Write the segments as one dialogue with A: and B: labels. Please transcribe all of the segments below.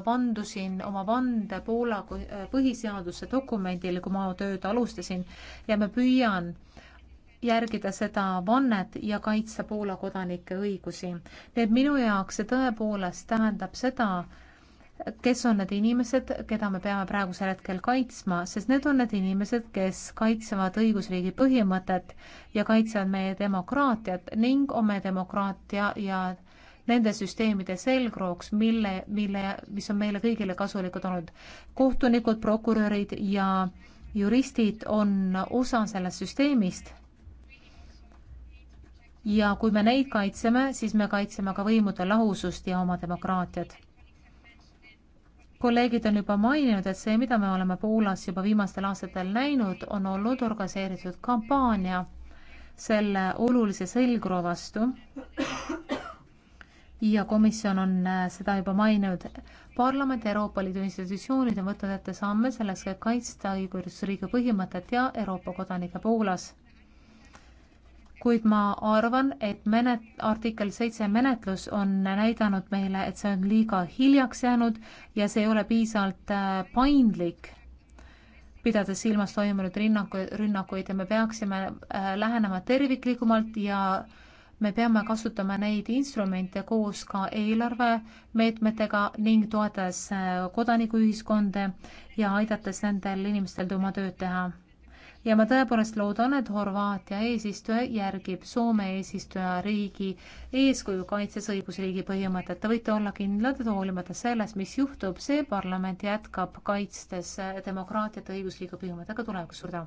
A: vandusin oma vande Poola äh, põhiseaduse dokumendile, kui ma tööd alustasin ja ma püüan järgida seda vannet ja kaitsta Poola kodanike õigusi. nii et minu jaoks see tõepoolest tähendab seda, kes on need inimesed, keda me peame praegusel hetkel kaitsma, sest need on need inimesed, kes kaitsevad õigusriigi põhimõtet ja kaitsevad meie demokraatiat ning on meie demokraatia ja, ja nende süsteemide selgrooks, mille, mille, mis on meile kõigile kasulikud olnud. kohtunikud, prokurörid ja juristid on osa sellest süsteemist ja kui me neid kaitseme, siis me kaitseme ka võimude lahusust ja oma demokraatiat. kolleegid on juba maininud, et see, mida me oleme Poolas juba viimastel aastatel näinud, on olnud organiseeritud kampaania selle olulise selgroo vastu, ja komisjon on äh, seda juba maininud. parlament ja Euroopa Liidu institutsioonid on võtnud ette samme selleks, et kaitsta õigusriigi põhimõtet ja Euroopa kodanike Poolas. kuid ma arvan, et menet-, artikkel seitse menetlus on näidanud meile, et see on liiga hiljaks jäänud ja see ei ole piisavalt äh, paindlik pidades silmas toimunud rünnaku, rünnakuid ja me peaksime äh, lähenema terviklikumalt ja äh, me peame kasutama neid instrumente koos ka eelarvemeetmetega ning toetades äh, kodanikuühiskonda ja aidates nendel inimestel oma tööd teha. ja ma tõepoolest loodan, et Horvaatia eesistuja järgib Soome eesistuja riigi eeskuju kaitses õigusriigi põhimõtet. Te võite olla kindlad, et hoolimata sellest, mis juhtub, see parlament jätkab kaitstes äh, demokraatiat ja õigusriigi põhimõtet ka tulevikus. suur tänu!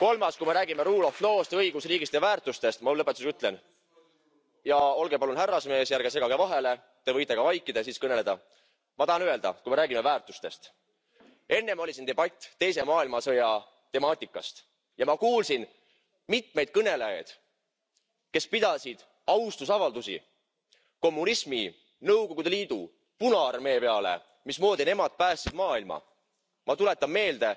B: kolmas kui me räägime rule of law'st ja õigusriigist ja väärtustest ma lõpetuseks ütlen ja olge palun härrasmees ja ärge segage vahele te võite ka vaikida ja siis kõneleda ma tahan öelda kui me räägime väärtustest enne oli siin debatt teise maailmasõja temaatikast ja ma kuulsin mitmeid kõnelejaid kes pidasid austusavaldusi kommunismi nõukogude liidu punaarmee peale mismoodi nemad päästsid maailma. ma tuletan meelde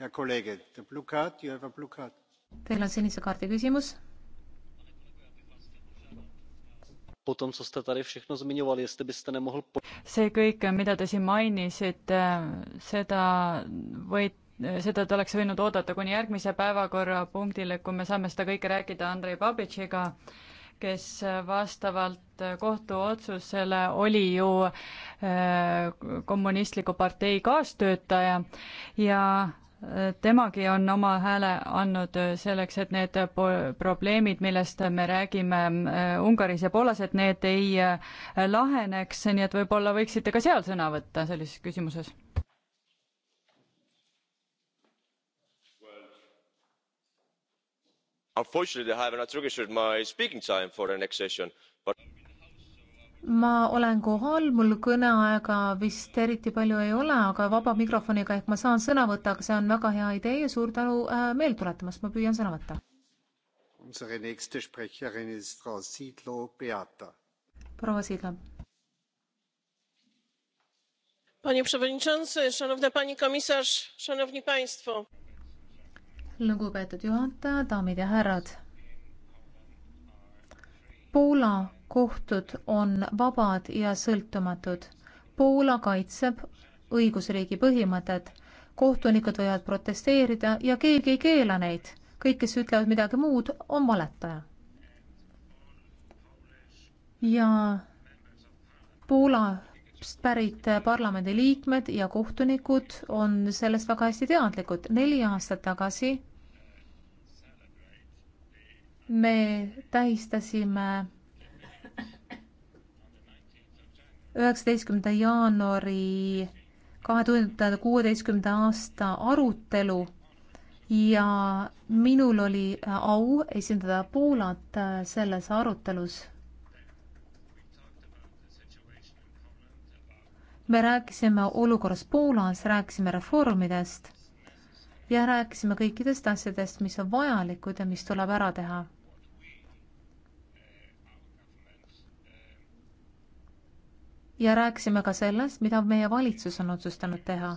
C: Teil
D: on sinise kaardi küsimus. see kõik, mida te siin mainisite, seda võite seda te oleks võinud oodata kuni järgmise päevakorrapunktile, kui me saame seda kõike rääkida Andrei Babitšiga, kes vastavalt kohtuotsusele oli ju äh, kommunistliku partei kaastöötaja ja temagi on oma hääle andnud selleks, et need probleemid, millest me räägime mm, äh, Ungaris ja Poolas, et need ei äh, laheneks, nii et võib-olla võiksite ka seal sõna võtta sellises küsimuses?
B: Unfortunately, I have an untriggered my speaking time for the next session, but
A: ma olen kohal, mul kõneaega vist eriti palju ei ole, aga vaba mikrofoniga ehk ma saan sõna võtta, aga see on väga hea idee ja suur tänu äh, meelde tuletamast, ma püüan sõna võtta. proua Siidlo. Panie
E: przewodniczący, szanowna pani komisarz, szanowni państwo.
A: lugupeetud juhataja, daamid ja härrad. Poola kohtud on vabad ja sõltumatud. Poola kaitseb õigusriigi põhimõtet. kohtunikud võivad protesteerida ja keegi ei keela neid. kõik, kes ütlevad midagi muud, on valetaja. ja Poolast pärit parlamendiliikmed ja kohtunikud on sellest väga hästi teadlikud. neli aastat tagasi me tähistasime üheksateistkümnenda jaanuari kahe tuhande kuueteistkümnenda aasta arutelu ja minul oli au esindada Poolat äh, selles arutelus. me rääkisime olukorrast Poolas, rääkisime reformidest ja rääkisime kõikidest asjadest, mis on vajalikud ja mis tuleb ära teha ja rääkisime ka sellest, mida meie valitsus on otsustanud teha.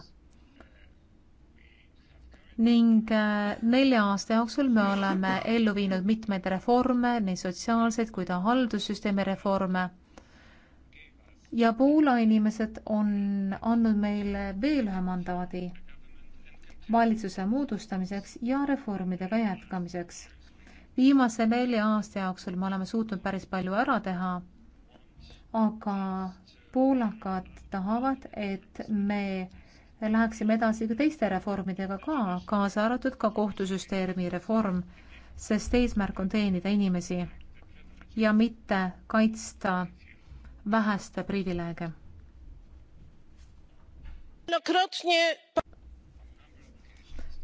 A: ning äh, nelja aasta jooksul me oleme ellu viinud mitmeid reforme, nii sotsiaalseid kui ka haldussüsteemi reforme. ja Poola inimesed on andnud meile veel ühe mandaadi valitsuse moodustamiseks ja reformidega jätkamiseks. viimase nelja aasta jooksul me oleme suutnud päris palju ära teha, aga poolakad tahavad, et me läheksime edasi ka teiste reformidega ka, kaasa arvatud ka kohtusüsteemi reform, sest eesmärk on teenida inimesi ja mitte kaitsta väheste privileege.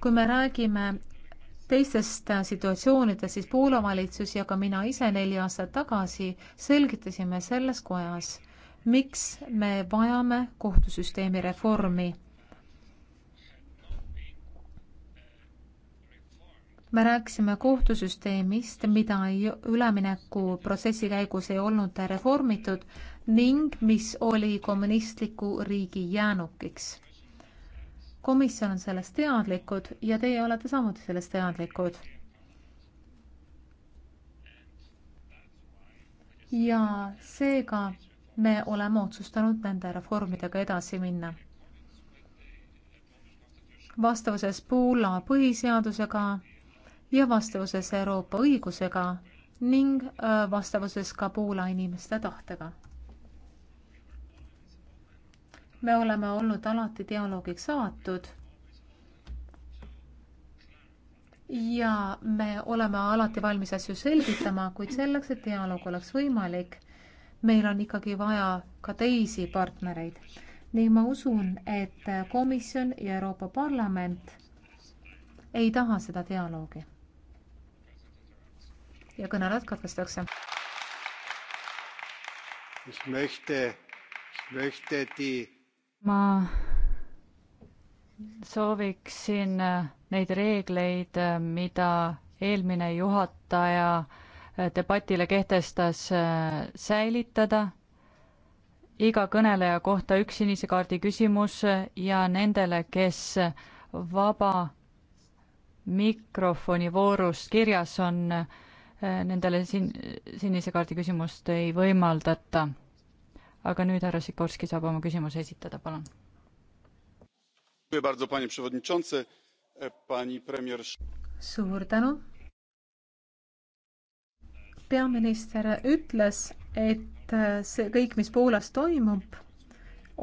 A: kui me räägime teistest situatsioonidest, siis Poola valitsus ja ka mina ise neli aastat tagasi selgitasime selles kojas miks me vajame kohtusüsteemi reformi. me rääkisime kohtusüsteemist, mida ei, üleminekuprotsessi käigus ei olnud reformitud ning mis oli kommunistliku riigi jäänukiks. komisjon on sellest teadlikud ja teie olete samuti sellest teadlikud ja seega me oleme otsustanud nende reformidega edasi minna. vastavuses Poola põhiseadusega ja vastavuses Euroopa õigusega ning äh, vastavuses ka Poola inimeste tahtega. me oleme olnud alati dialoogiks avatud ja me oleme alati valmis asju selgitama, kuid selleks, et dialoog oleks võimalik meil on ikkagi vaja ka teisi partnereid ning ma usun, et komisjon ja Euroopa Parlament ei taha seda dialoogi. ja kõnelejad katkestatakse.
D: ma sooviksin neid reegleid, mida eelmine juhataja debatile kehtestas äh, säilitada iga kõneleja kohta üks sinise kaardi küsimus ja nendele, kes vaba mikrofoni voorus kirjas on, äh, nendele sin-, sinise kaardi küsimust ei võimaldata. aga nüüd härra Sikorski saab oma küsimuse esitada, palun. suur
A: tänu, peaminister ütles, et äh, see kõik, mis Poolas toimub,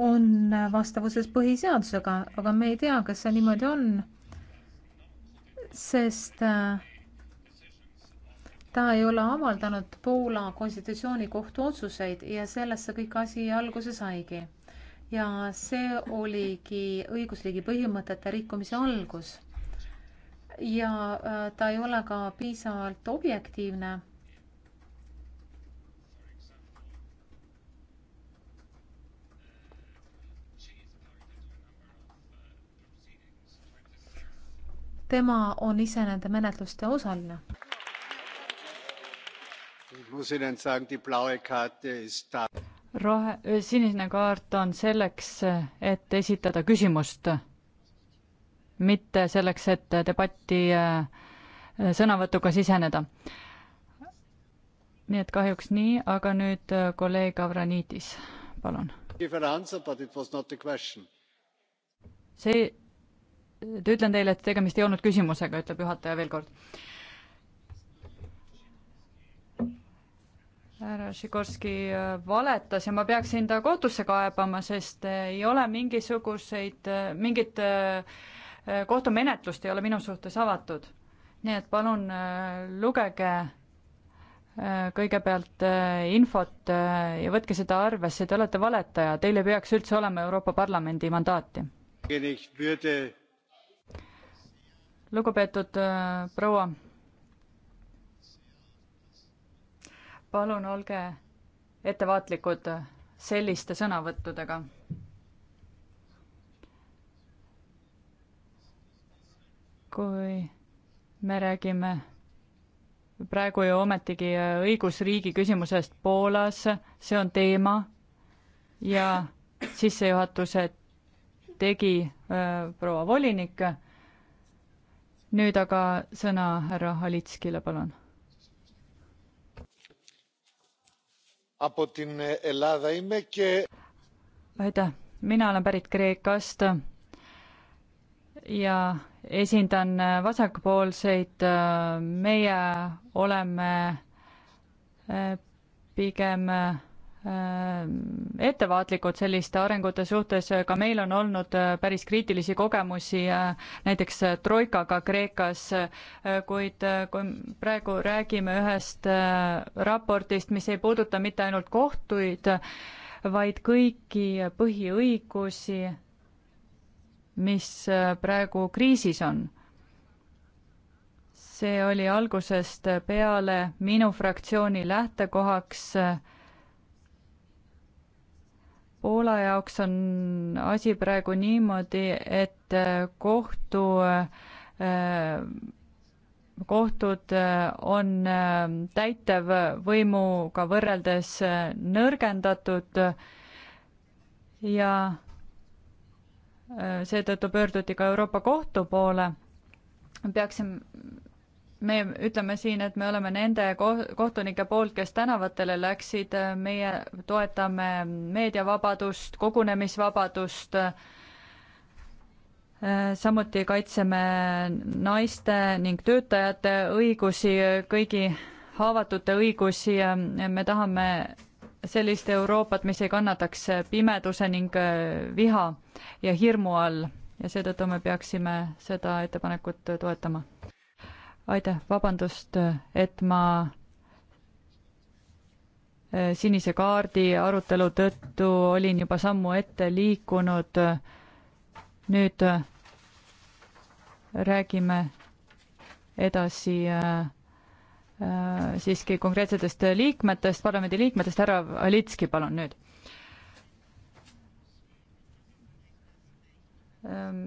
A: on äh, vastavuses põhiseadusega, aga me ei tea, kas see niimoodi on, sest äh, ta ei ole avaldanud Poola konstitutsioonikohtu otsuseid ja sellest see kõik asi alguse saigi. ja see oligi õigusriigi põhimõtete rikkumise algus. ja ta ei ole ka piisavalt objektiivne tema on ise nende
D: menetluste osaline. rohe, sinine kaart on selleks, et esitada küsimust, mitte selleks, et debatti äh, sõnavõtuga siseneda. nii et kahjuks nii, aga nüüd äh, kolleeg Avranitis, palun. see ütlen teile, et tegemist ei olnud küsimusega, ütleb juhataja veel kord. härra Šikorski äh, valetas ja ma peaksin ta kohtusse kaebama, sest äh, ei ole mingisuguseid, äh, mingit kohtumenetlust ei ole minu suhtes avatud. nii et palun lugege kõigepealt infot ja võtke seda arvesse, te olete valetaja, teil ei peaks üldse olema Euroopa Parlamendi mandaati lugupeetud äh, proua, palun olge ettevaatlikud äh, selliste sõnavõttudega. kui me räägime praegu ju ometigi äh, õigusriigi küsimusest Poolas, see on teema ja sissejuhatuse tegi äh, proua volinik nüüd aga sõna härra Halitskile, palun. aitäh, mina olen pärit Kreekast ja esindan vasakpoolseid, meie oleme pigem Ehm, ettevaatlikud selliste arengute suhtes, ka meil on olnud äh, päris kriitilisi kogemusi äh, näiteks äh, Troikaga Kreekas, kuid kui praegu räägime ühest raportist, mis ei puuduta mitte ainult kohtuid, vaid kõiki põhiõigusi, mis praegu kriisis on. see oli algusest peale minu fraktsiooni lähtekohaks Poola jaoks on asi praegu niimoodi, et äh, kohtu, äh, kohtud äh, on täitevvõimuga võrreldes nõrgendatud ja seetõttu pöörduti ka Euroopa Kohtu poole. peaksime me ütleme siin, et me oleme nende kohtunike poolt, kes tänavatele läksid, meie toetame meediavabadust, kogunemisvabadust, samuti kaitseme naiste ning töötajate õigusi, kõigi haavatute õigusi, me tahame sellist Euroopat, mis ei kannataks pimeduse ning viha ja hirmu all ja seetõttu me peaksime seda ettepanekut toetama aitäh, vabandust, et ma äh, sinise kaardi arutelu tõttu olin juba sammu ette liikunud. nüüd äh, räägime edasi äh, siiski konkreetsetest liikmetest, parlamendi liikmetest, härra Alitski, palun nüüd. Ehm,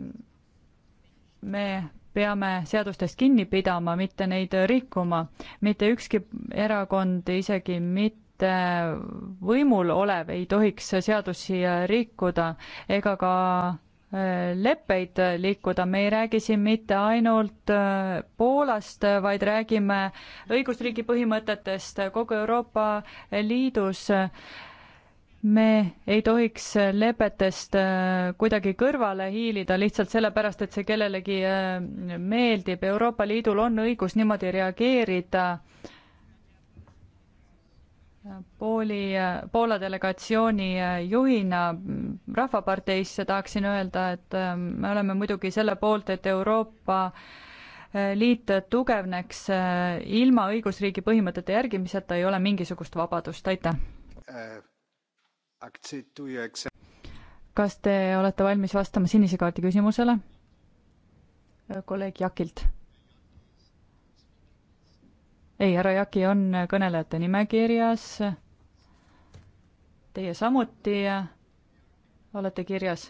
D: me peame seadustest kinni pidama, mitte neid rikkuma. mitte ükski erakond, isegi mitte võimul olev, ei tohiks seadusi rikkuda ega ka äh, leppeid liikuda, me ei räägi siin mitte ainult äh, Poolast, vaid räägime õigusriigi põhimõtetest kogu Euroopa Liidus me ei tohiks lepetest äh, kuidagi kõrvale hiilida lihtsalt sellepärast, et see kellelegi äh, meeldib. Euroopa Liidul on õigus niimoodi reageerida. Pooli, äh, Poola delegatsiooni juhina Rahvaparteisse tahaksin öelda, et me oleme muidugi selle poolt, et Euroopa Liit tugevneks ilma õigusriigi põhimõtete järgimiseta ei ole mingisugust vabadust, aitäh äh.! kas te olete valmis vastama sinise kaardi küsimusele? kolleeg Jakilt. ei, härra Jaki on kõnelejate nimekirjas. Teie samuti olete kirjas.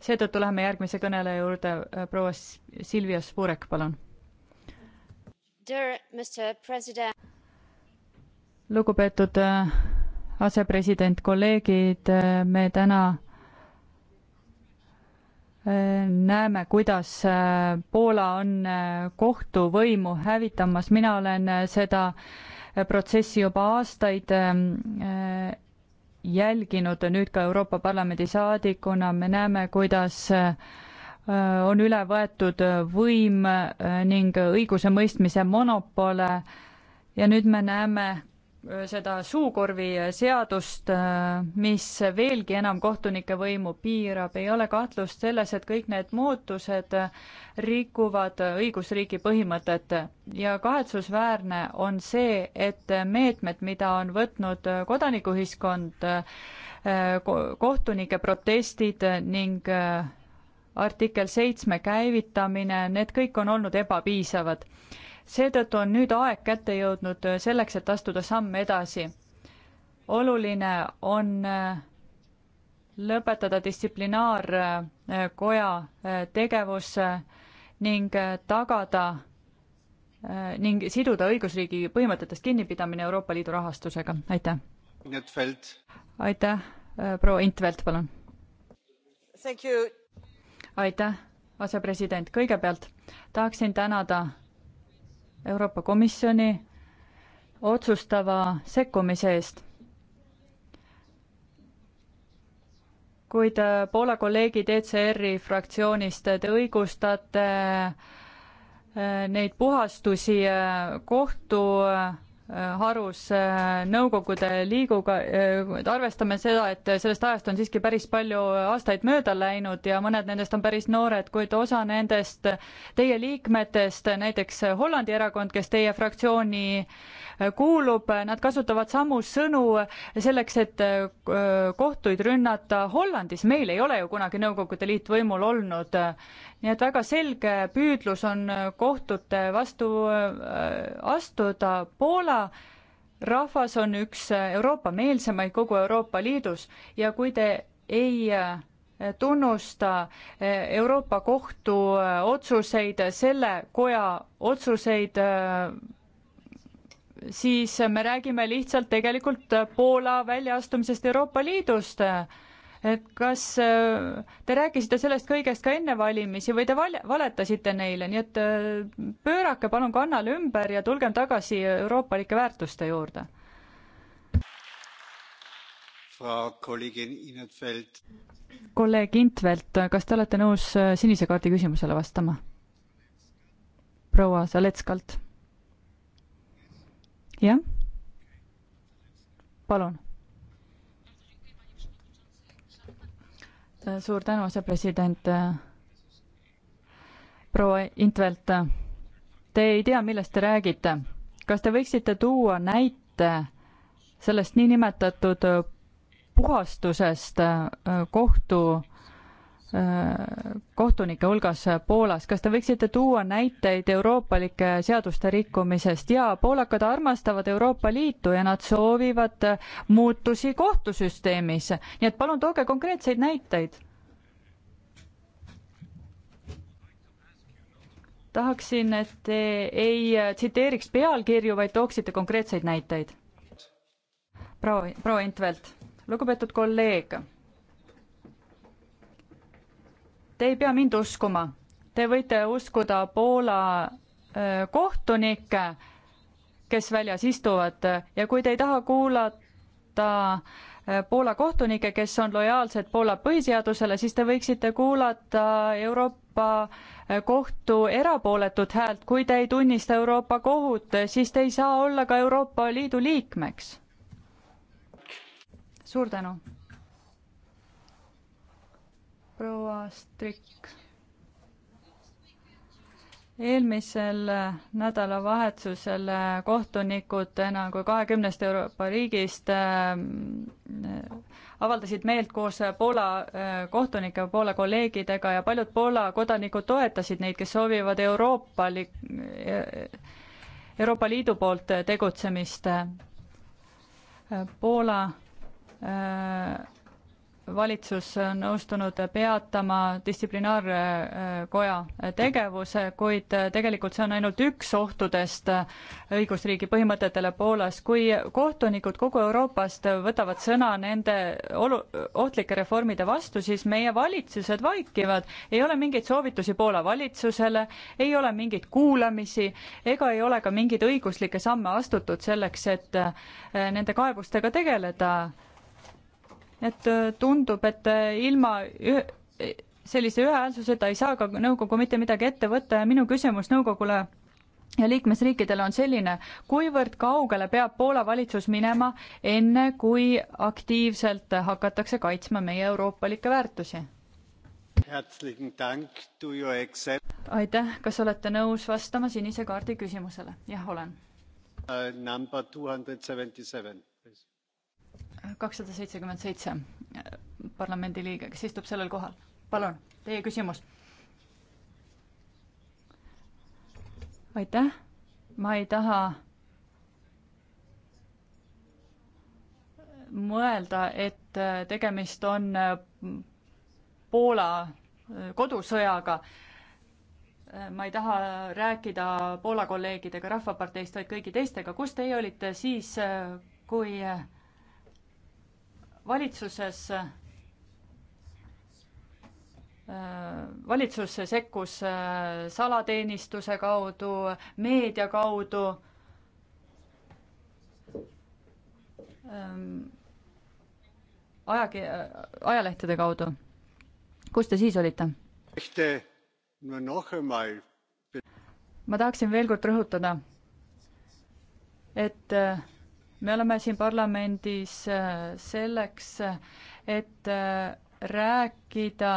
D: seetõttu läheme järgmise kõneleja juurde, proua Silvia Spurek, palun. lugupeetud asepresident, kolleegid, me täna äh, näeme, kuidas äh, Poola on äh, kohtuvõimu hävitamas, mina olen seda protsessi juba aastaid ähm, jälginud nüüd ka Euroopa Parlamendi saadikuna, me näeme, kuidas on üle võetud võim ning õigusemõistmise monopole ja nüüd me näeme seda suukorviseadust, mis veelgi enam kohtunike võimu piirab, ei ole kahtlust selles, et kõik need muutused rikuvad õigusriigi põhimõtet ja kahetsusväärne on see, et meetmed, mida on võtnud kodanikuühiskond, kohtunike protestid ning artikkel seitsme käivitamine, need kõik on olnud ebapiisavad seetõttu on nüüd aeg kätte jõudnud äh, selleks, et astuda samm edasi. oluline on äh, lõpetada distsiplinaarkoja äh, tegevus ning tagada ning siduda õigusriigi põhimõtetest kinnipidamine Euroopa Liidu rahastusega, aitäh. aitäh, proua Intvelt, palun. aitäh, asepresident, kõigepealt tahaksin tänada Euroopa Komisjoni otsustava sekkumise eest. kuid äh, Poola kolleegid ECR-i fraktsioonist, äh, te õigustate äh, neid puhastusi kohtu Äh, harus äh, Nõukogude Liiguga, äh, arvestame seda, et sellest ajast on siiski päris palju aastaid mööda läinud ja mõned nendest on päris noored, kuid osa nendest teie liikmetest, näiteks Hollandi erakond, kes teie fraktsiooni kuulub, nad kasutavad samu sõnu selleks, et kohtuid rünnata Hollandis, meil ei ole ju kunagi Nõukogude Liit võimul olnud nii et väga selge püüdlus on äh, kohtute vastu äh, astuda. Poola rahvas on üks äh, Euroopa meelsemaid kogu Euroopa Liidus ja kui te ei tunnusta Euroopa Kohtu otsuseid, selle koja otsuseid, siis me räägime lihtsalt tegelikult Poola väljaastumisest Euroopa Liidust et kas äh, te rääkisite sellest kõigest ka enne valimisi või te val-, valetasite neile, nii et äh, pöörake palun kannal ümber ja tulgem tagasi euroopalike väärtuste juurde. kolleeg Intvelt, kas te olete nõus äh, sinise kaardi küsimusele vastama? proua Zaletskalt. jah? palun suur tänu, asepresident äh, proua Intvelt. Te ei tea, millest te räägite. kas te võiksite tuua näite sellest niinimetatud äh, puhastusest äh, kohtu Äh, kohtunike hulgas Poolas. kas te võiksite tuua näiteid euroopalike seaduste rikkumisest ja poolakad armastavad Euroopa Liitu ja nad soovivad muutusi kohtusüsteemis, nii et palun tooge konkreetseid näiteid. tahaksin, et te ei tsiteeriks pealkirju, vaid tooksite konkreetseid näiteid. proua, proua Intvelt, lugupeetud kolleeg Te ei pea mind uskuma. Te võite uskuda Poola kohtunikke, kes väljas istuvad ja kui te ei taha kuulata Poola kohtunikke, kes on lojaalsed Poola põhiseadusele, siis te võiksite kuulata Euroopa Kohtu erapooletut häält, kui te ei tunnista Euroopa Kohut, siis te ei saa olla ka Euroopa Liidu liikmeks. suur tänu! proua Strik. eelmisel nädalavahetusel kohtunikud enam kui kahekümnest Euroopa riigist äh, avaldasid meelt koos Poola äh, kohtunike, Poola kolleegidega ja paljud Poola kodanikud toetasid neid, kes soovivad euroopalik, Euroopa Liidu poolt tegutsemist. Poola äh, valitsus on nõustunud peatama distsiplinaarkoja tegevuse, kuid tegelikult see on ainult üks ohtudest õigusriigi põhimõtetele Poolas. kui kohtunikud kogu Euroopast võtavad sõna nende olu-, ohtlike reformide vastu, siis meie valitsused vaikivad. ei ole mingeid soovitusi Poola valitsusele, ei ole mingeid kuulamisi ega ei ole ka mingeid õiguslikke samme astutud selleks, et eh, nende kaebustega tegeleda et äh, tundub, et äh, ilma ühe, sellise ühehäälsuseta ei saa ka nõukogu mitte midagi ette võtta ja minu küsimus nõukogule ja liikmesriikidele on selline, kuivõrd kaugele peab Poola valitsus minema, enne kui aktiivselt hakatakse kaitsma meie euroopalikke väärtusi? aitäh, kas olete nõus vastama sinise kaardi küsimusele? jah, olen.
C: Uh,
D: kakssada seitsekümmend seitse äh, parlamendiliige, kes istub sellel kohal. palun, teie küsimus. aitäh, ma ei taha mõelda, et äh, tegemist on äh, Poola kodusõjaga. ma ei taha rääkida Poola kolleegidega Rahvaparteist, vaid kõigi teistega, kus teie olite siis, kui valitsuses äh, valitsus sekkus äh, salateenistuse kaudu, meedia kaudu. Ähm, ajagi-, ajalehtede kaudu. kus te siis olite? ma tahaksin veel kord rõhutada, et äh, me oleme siin parlamendis äh, selleks, äh, et äh, rääkida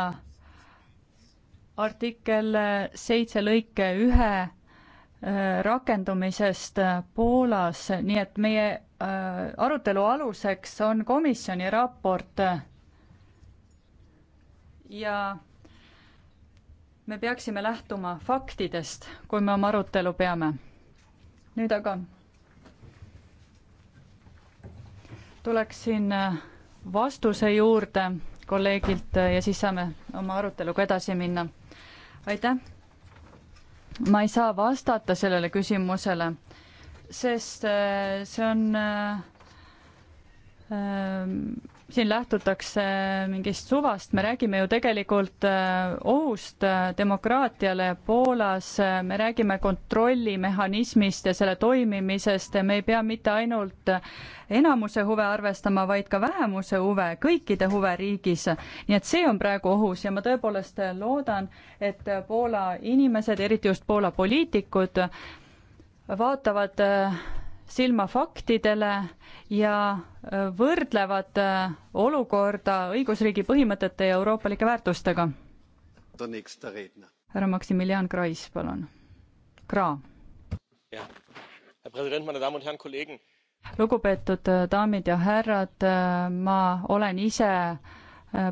D: artikkel seitse lõike ühe rakendumisest Poolas, nii et meie arutelu aluseks on komisjoni raport ja me peaksime lähtuma faktidest, kui me oma arutelu peame. nüüd aga tuleksin äh, vastuse juurde kolleegilt äh, ja siis saame oma aruteluga edasi minna. aitäh. ma ei saa vastata sellele küsimusele, sest äh, see on äh, siin lähtutakse äh, mingist suvast, me räägime ju tegelikult äh, ohust äh, demokraatiale Poolas, me räägime kontrollimehhanismist ja selle toimimisest ja me ei pea mitte ainult enamuse huve arvestama, vaid ka vähemuse huve, kõikide huve riigis. nii et see on praegu ohus ja ma tõepoolest loodan, et Poola inimesed, eriti just Poola poliitikud, vaatavad silma faktidele ja võrdlevad äh, olukorda õigusriigi põhimõtete ja euroopalike väärtustega. härra Maximilian Kreis, palun. Kra. lugupeetud äh, daamid ja härrad, äh, ma olen ise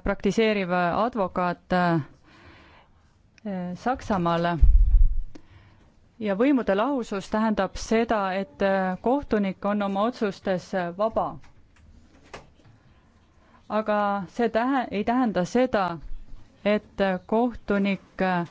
D: praktiseeriv advokaat Saksamaal ja võimude lahusus tähendab seda, et kohtunik on oma otsustes vaba aga see tähe-, ei tähenda seda, et kohtunik äh,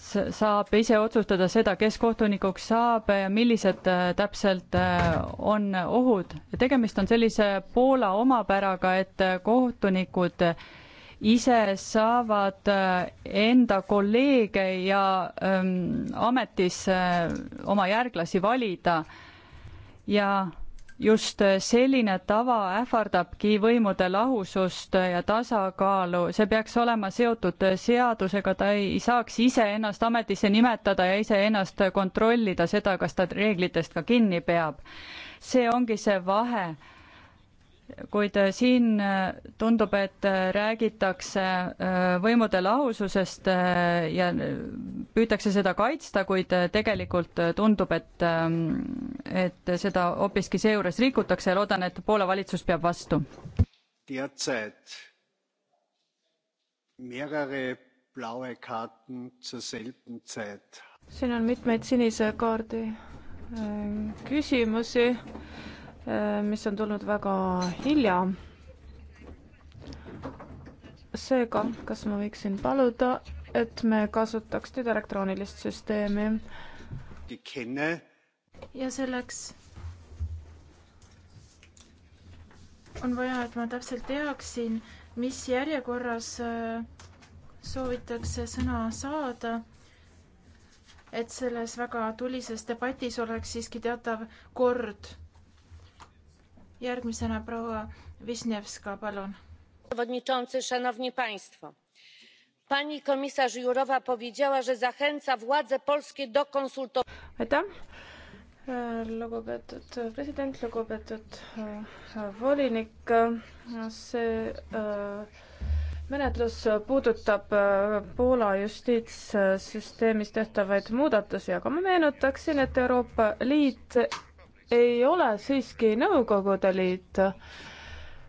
D: saab ise otsustada seda, kes kohtunikuks saab ja millised äh, täpselt äh, on ohud. tegemist on sellise Poola omapäraga, et kohtunikud ise saavad enda kolleege ja ähm, ametis äh, oma järglasi valida ja just äh, selline tava ähvardabki võimude lahusust ja tasakaalu, see peaks olema seotud äh, seadusega, ta ei saaks iseennast ametisse nimetada ja iseennast äh, kontrollida seda, kas ta reeglitest ka kinni peab. see ongi see vahe kuid siin äh, tundub, et äh, räägitakse äh, võimude lahususest ja püütakse seda kaitsta, kuid tegelikult tundub, et, ähm, et seda hoopiski seejuures rikutakse ja loodan, et Poola valitsus peab vastu.
F: siin on mitmeid sinise kaardi küsimusi Äh, mis on tulnud väga hilja. seega, kas ma võiksin paluda, et me kasutaks nüüd elektroonilist süsteemi? ja selleks
E: on vaja, et ma täpselt teaksin, mis järjekorras äh, soovitakse sõna saada. et selles väga tulises debatis oleks siiski teatav kord järgmisena
A: proua Wisniewska, palun. Pani komisarz Jurowa powiedziała, że zachęca władze polskie do konsultacji.
F: aitäh, lugupeetud president, lugupeetud äh, volinik, see äh, menetlus puudutab äh, Poola justiitssüsteemis tehtavaid muudatusi, aga ma meenutaksin, et Euroopa Liit ei ole siiski Nõukogude Liit.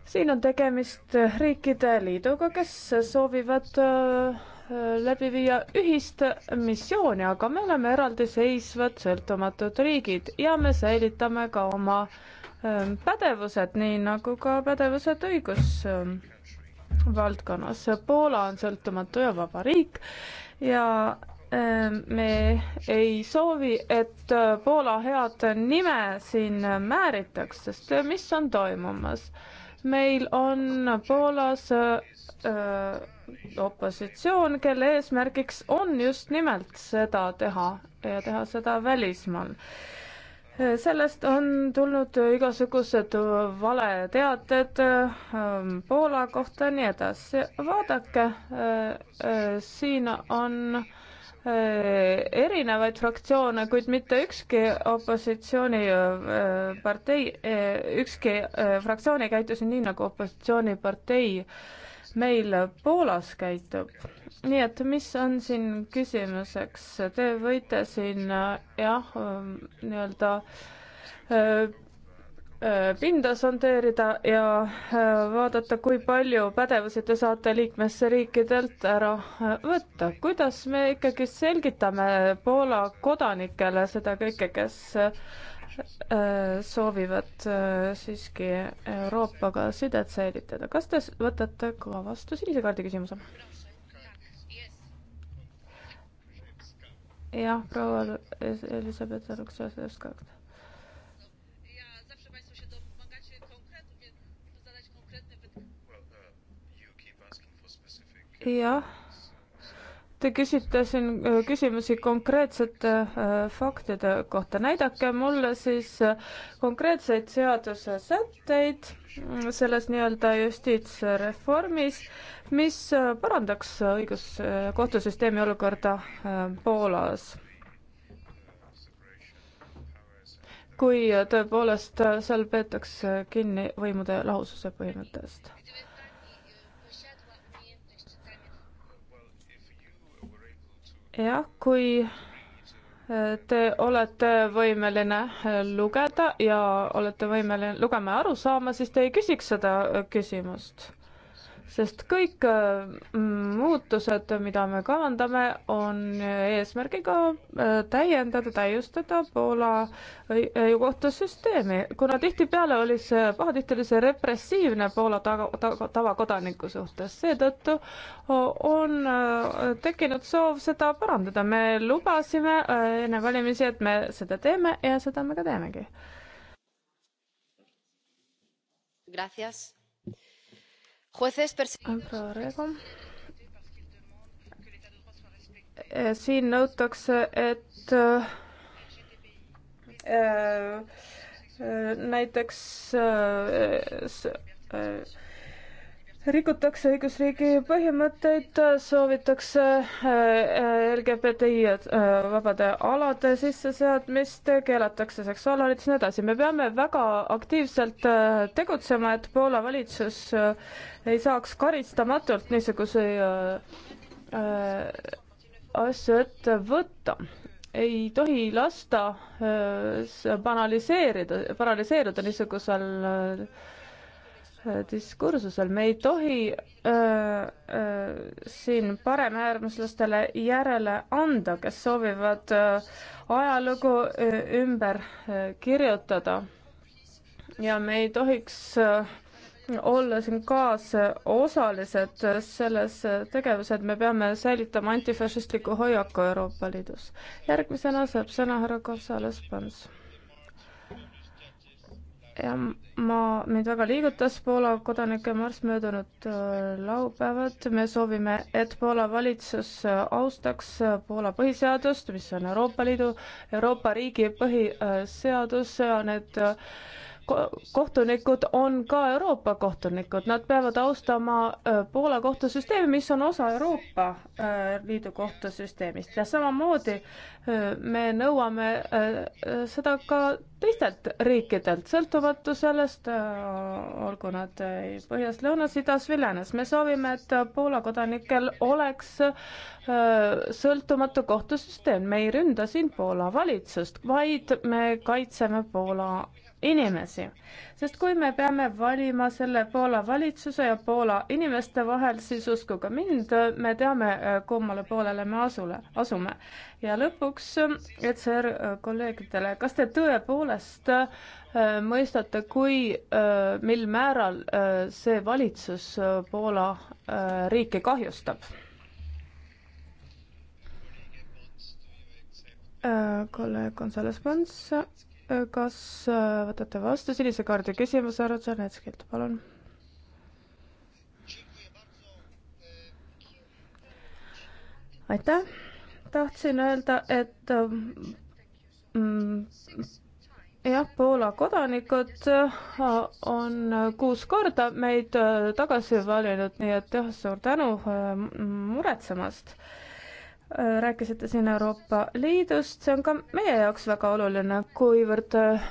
F: siin on tegemist riikide liiduga, kes soovivad äh, läbi viia ühist missiooni, aga me oleme eraldiseisvad sõltumatud riigid ja me säilitame ka oma ähm, pädevused, nii nagu ka pädevused õigusvaldkonnas. Poola on sõltumatu ja vaba riik ja Ehm, me ei soovi, et äh, Poola head nime siin määritaks, sest äh, mis on toimumas? meil on Poolas öö, äh, opositsioon, kelle eesmärgiks on just nimelt seda teha ja teha seda välismaal. sellest on tulnud igasugused valeteated ähm, Poola kohta ja nii edasi. vaadake, siin on öö, Äh, erinevaid fraktsioone, kuid mitte ükski opositsioonipartei, äh, äh, ükski fraktsioon ei käitu siin nii, nagu opositsioonipartei meil Poolas käitub. nii et mis on siin küsimuseks, te võite siin jah, nii-öelda pinda sondeerida ja vaadata, kui palju pädevusi te saate liikmesriikidelt ära võtta. kuidas me ikkagi selgitame Poola kodanikele seda kõike, kes soovivad siiski Euroopaga sidet säilitada. kas te võtate ka vastu sinise kaardi küsimuse? jah, proua Elizabeth Aruksas-Jaskart jah, te küsite siin äh, küsimusi konkreetsete äh, faktide kohta. näidake mulle siis äh, konkreetseid seadusesätteid mm, selles nii-öelda justiitsreformis, mis parandaks õigus, kohtusüsteemi olukorda Poolas kui tõepoolest seal peetakse kinni võimude lahususe põhimõttest. jah, kui äh, te olete võimeline äh, lugeda ja olete võimeline lugema ja aru saama, siis te ei küsiks seda äh, küsimust sest kõik äh, muutused, mida me kavandame, on eesmärgiga äh, täiendada, täiustada Poola äh, kohtusüsteemi, kuna tihtipeale oli see, pahatihti oli see repressiivne Poola taga, taga, tavakodaniku suhtes, seetõttu on tekkinud soov seda parandada. me lubasime enne valimisi, et me seda teeme ja seda me ka teemegi. Gracias aga Rego? Eh, siin nõutakse, et äh, näiteks äh, äh, rikutakse õigusriigi põhimõtteid, soovitakse äh, äh, LGBTI äh, vabade alade sisseseadmist, keelatakse seksuaalharidus ja nii edasi. me peame väga aktiivselt tegutsema, et Poola valitsus ei saaks karistamatult niisuguseid asju ette võtta. ei tohi lasta banaliseerida, paraliseeruda niisugusel äh, Äh, diskursusel, me ei tohi öö, äh, öö, äh, siin paremäärmuslastele järele anda, kes soovivad öö, ajalugu öö, ümber öö, kirjutada. ja me ei tohiks öö, olla siin kaasosalised selles tegevuses, et me peame säilitama antifašistliku hoiaku Euroopa Liidus. järgmisena saab sõna härra Gonzales Pons ja ma, mind väga liigutas Poola kodanike marss möödunud äh, laupäevad. me soovime, et Poola valitsus äh, austaks äh, Poola põhiseadust, mis on Euroopa Liidu, Euroopa riigi põhiseadus, need kohtunikud on ka Euroopa kohtunikud, nad peavad austama äh, Poola kohtusüsteemi, mis on osa Euroopa äh, Liidu kohtusüsteemist ja samamoodi äh, me nõuame seda ka teistelt riikidelt, sõltumatu sellest, olgu nad põhjas, lõunas, idas või läänes. me soovime, et Poola kodanikel oleks sõltumatu kohtusüsteem, me ei ründa siin Poola valitsust, vaid me kaitseme Poola inimesi. sest kui me peame valima selle Poola valitsuse ja Poola inimeste vahel, siis uskuge mind, me teame, kummale poolele me asule, asume. ja lõpuks, et see kolleegidele, kas te tõepoolest äh, mõistate, kui, äh, mil määral äh, see valitsus Poola riiki kahjustab? kolleeg Gonzales Pons kas äh, võtate vastu sellise kaardi küsimuse härra Tšernetskilt, palun? aitäh, tahtsin öelda, et äh, mm, jah, Poola kodanikud äh, on kuus korda meid tagasi valinud, nii et jah, suur tänu muretsemast Äh, rääkisite siin Euroopa Liidust, see on ka meie jaoks väga oluline, kuivõrd äh,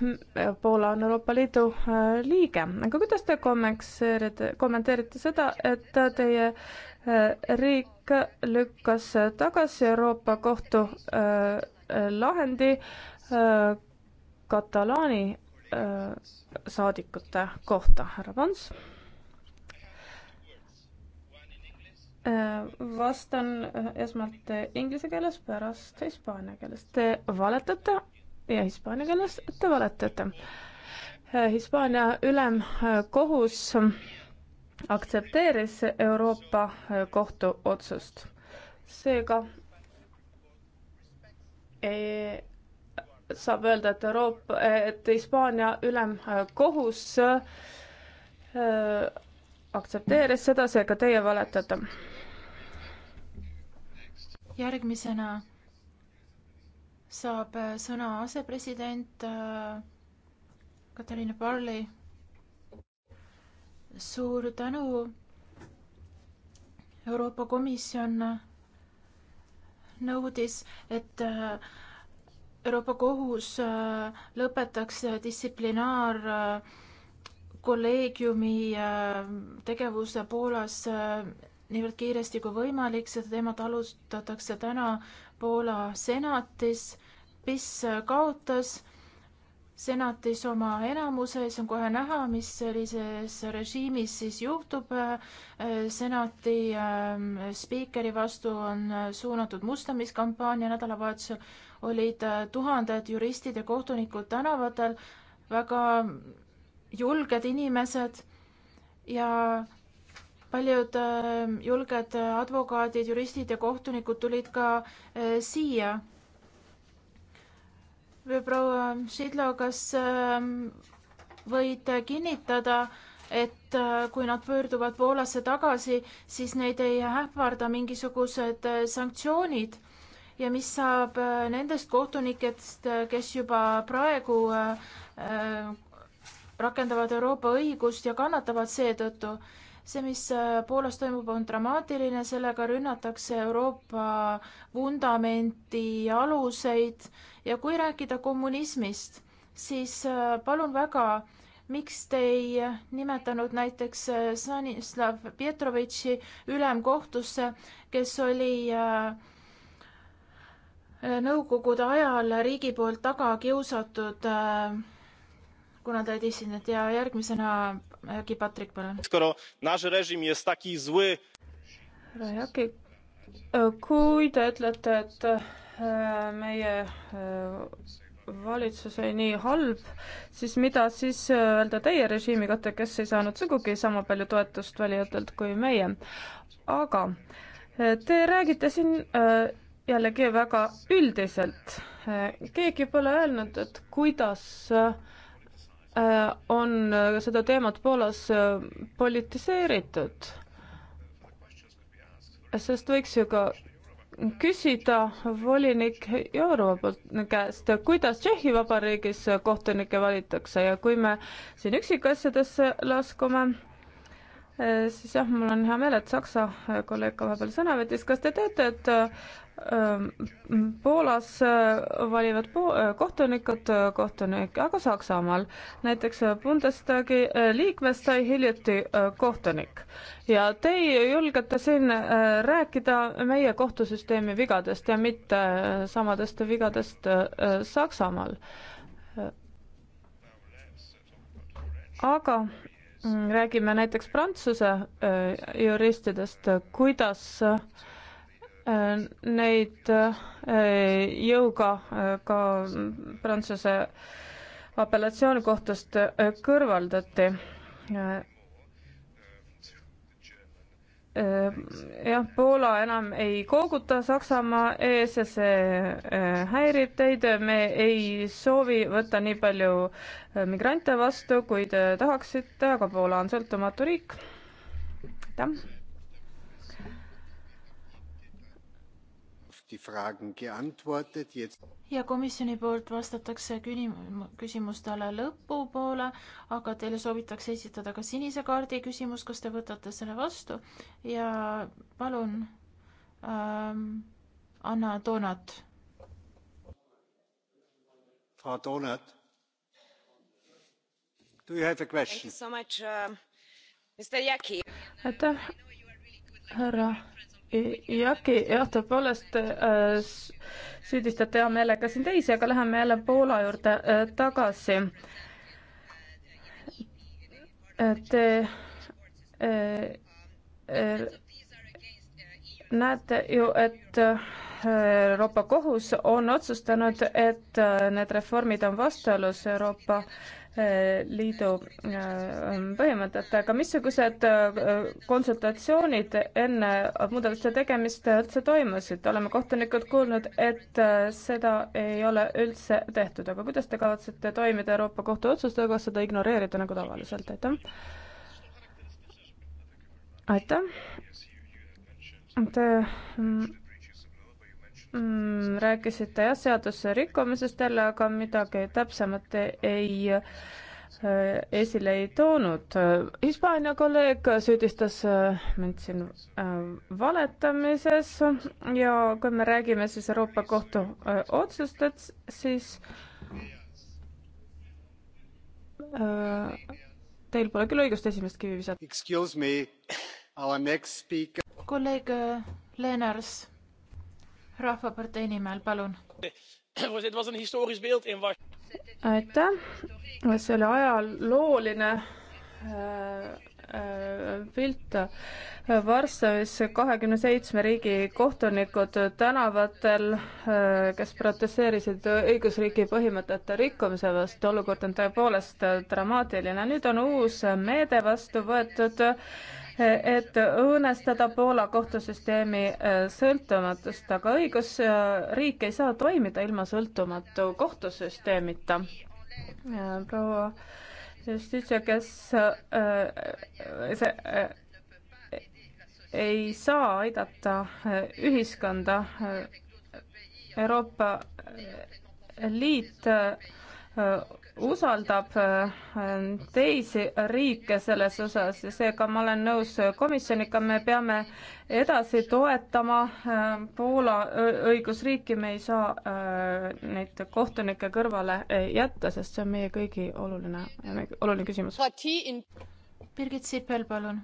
F: Poola on Euroopa Liidu äh, liige. aga kuidas te kommenteerite, kommenteerite seda, et teie riik lükkas tagasi Euroopa Kohtu lahendi Katalaani saadikute kohta, härra Pons? Äh, vastan äh, esmalt äh, inglise keeles, pärast hispaania keeles. Te valetate ja hispaania keeles te valetate. Hispaania ülemkohus aktsepteeris Euroopa Kohtu otsust. seega ei, saab öelda, et Euroopa, et Hispaania ülemkohus aktsepteeris seda, seega teie valetate
E: järgmisena
F: saab äh, sõna
E: asepresident äh, Katariina Parli. suur tänu. Euroopa Komisjon nõudis, et äh, Euroopa Kohus lõpetaks distsiplinaar kolleegiumi tegevuse Poolas niivõrd kiiresti kui võimalik, seda teemat alustatakse täna Poola senatis. PIS kaotas senatis oma enamuse, siis on kohe näha, mis sellises režiimis siis juhtub. senati ähm, spiikeri vastu on suunatud mustamiskampaania, nädalavahetusel olid äh, tuhanded juristid ja kohtunikud tänavatel, väga julged inimesed ja paljud äh, julged äh, advokaadid, juristid ja kohtunikud tulid ka äh, siia. proua Šidlo, kas ähm, võid kinnitada, et kui nad pöörduvad Poolasse tagasi, siis neid ei ähvarda mingisugused sanktsioonid ja mis saab nendest kohtunikest, kes juba praegu rakendavad Euroopa õigust ja kannatavad seetõttu see, mis äh, Poolas toimub, on dramaatiline, sellega rünnatakse Euroopa vundamenti, aluseid ja kui rääkida kommunismist, siis äh, palun väga, miks te ei nimetanud näiteks äh, Stanislav Pietrovitši ülemkohtusse, kes oli nõukogude ajal riigi poolt taga kiusatud äh, kuna teid esindati ja järgmisena Jaki äh,
F: Patrik, palun. härra Jaki, äh, kui te ütlete, et äh, meie valitsus oli nii halb, siis mida siis öelda teie režiimi kohta, kes ei saanud sugugi sama palju toetust valijatelt kui meie? aga te räägite siin jällegi väga üldiselt. keegi pole öelnud, et kuidas äh, Äh, on äh, seda teemat Poolas äh, politiseeritud, sest võiks ju ka küsida volinik Jourova poolt käest, kuidas Tšehhi Vabariigis kohtunikke valitakse ja kui me siin üksikasjadesse laskume, siis jah, mul on hea meel, et Saksa kolleeg ka vahepeal sõna võttis. kas te teate, et Poolas valivad po kohtunikud kohtunikke, aga Saksamaal näiteks Bundestagi liikmest sai hiljuti kohtunik ja teie julgete siin rääkida meie kohtusüsteemi vigadest ja mitte samadest vigadest Saksamaal. aga mm, räägime näiteks Prantsuse juristidest, kuidas äh, Äh, neid äh, jõuga äh, ka Prantsuse apellatsioonikohtust kõrvaldati. jah, Poola enam ei kooguta Saksamaa ees ja see häirib teid, me ei soovi võtta nii palju migrante vastu, kui te tahaksite, aga Poola on sõltumatu riik.
C: aitäh!
E: ja komisjoni poolt vastatakse küsimustele lõpupoole, aga teile soovitakse esitada ka sinise kaardi küsimus, kas te võtate selle vastu ja palun ähm, anna Donat.
C: Frau Donat. Do you have a question? Uh,
F: aitäh, härra Jaki, jah, tõepoolest äh, süüdistate hea meelega siin teisi, aga läheme jälle Poola juurde äh, tagasi. Te äh, äh, näete ju, et äh, Euroopa Kohus on otsustanud, et äh, need reformid on vastuolus Euroopa Liidu äh, põhimõtet, aga missugused äh, konsultatsioonid enne muudatuste tegemist üldse toimusid? oleme kohtunikud kuulnud, et äh, seda ei ole üldse tehtud, aga kuidas te kavatsete toimida Euroopa Kohtu otsustega, kas seda ignoreerida nagu tavaliselt, aitäh? aitäh. Te mm, mm, rääkisite jah, seaduse rikkumisest jälle, aga midagi täpsemat ei äh, esile ei toonud. Hispaania kolleeg süüdistas äh, mind siin äh, valetamises ja kui me räägime siis Euroopa Kohtu äh, otsustest, siis
C: teil pole küll õigust esimest kivi visata.
E: kolleeg Leenars rahvapartei nimel, palun.
B: Er
F: aitäh, see oli ajalooline äh, äh, pilt Varssavis kahekümne seitsme riigi kohtunikud tänavatel, äh, kes protesteerisid õigusriigi põhimõtete rikkumise vastu. olukord on tõepoolest dramaatiline. nüüd on uus meede vastu võetud et õõnestada Poola kohtusüsteemi äh, sõltumatust, aga õigusriik ei saa toimida ilma sõltumatu kohtusüsteemita. proua Justitša, kes äh, see äh, ei saa aidata ühiskonda Euroopa Liit usaldab äh, teisi riike selles osas ja seega ma olen nõus komisjoniga, me peame edasi toetama äh, Poola õigusriiki, me ei saa äh, neid kohtunikke kõrvale jätta, sest see on meie kõigi oluline, oluline küsimus.
E: Birgit Sipel, palun.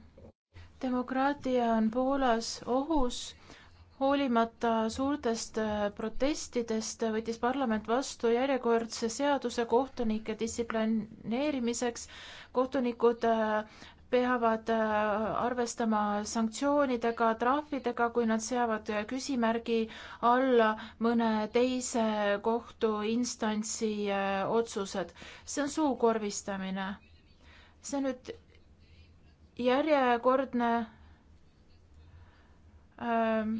E: demokraatia on Poolas ohus hoolimata suurtest äh, protestidest võttis parlament vastu järjekordse seaduse kohtunike distsiplineerimiseks. kohtunikud äh, peavad äh, arvestama sanktsioonidega, trahvidega, kui nad seavad küsimärgi alla mõne teise kohtuinstantsi otsused. see on suukorvistamine. see nüüd järjekordne ähm,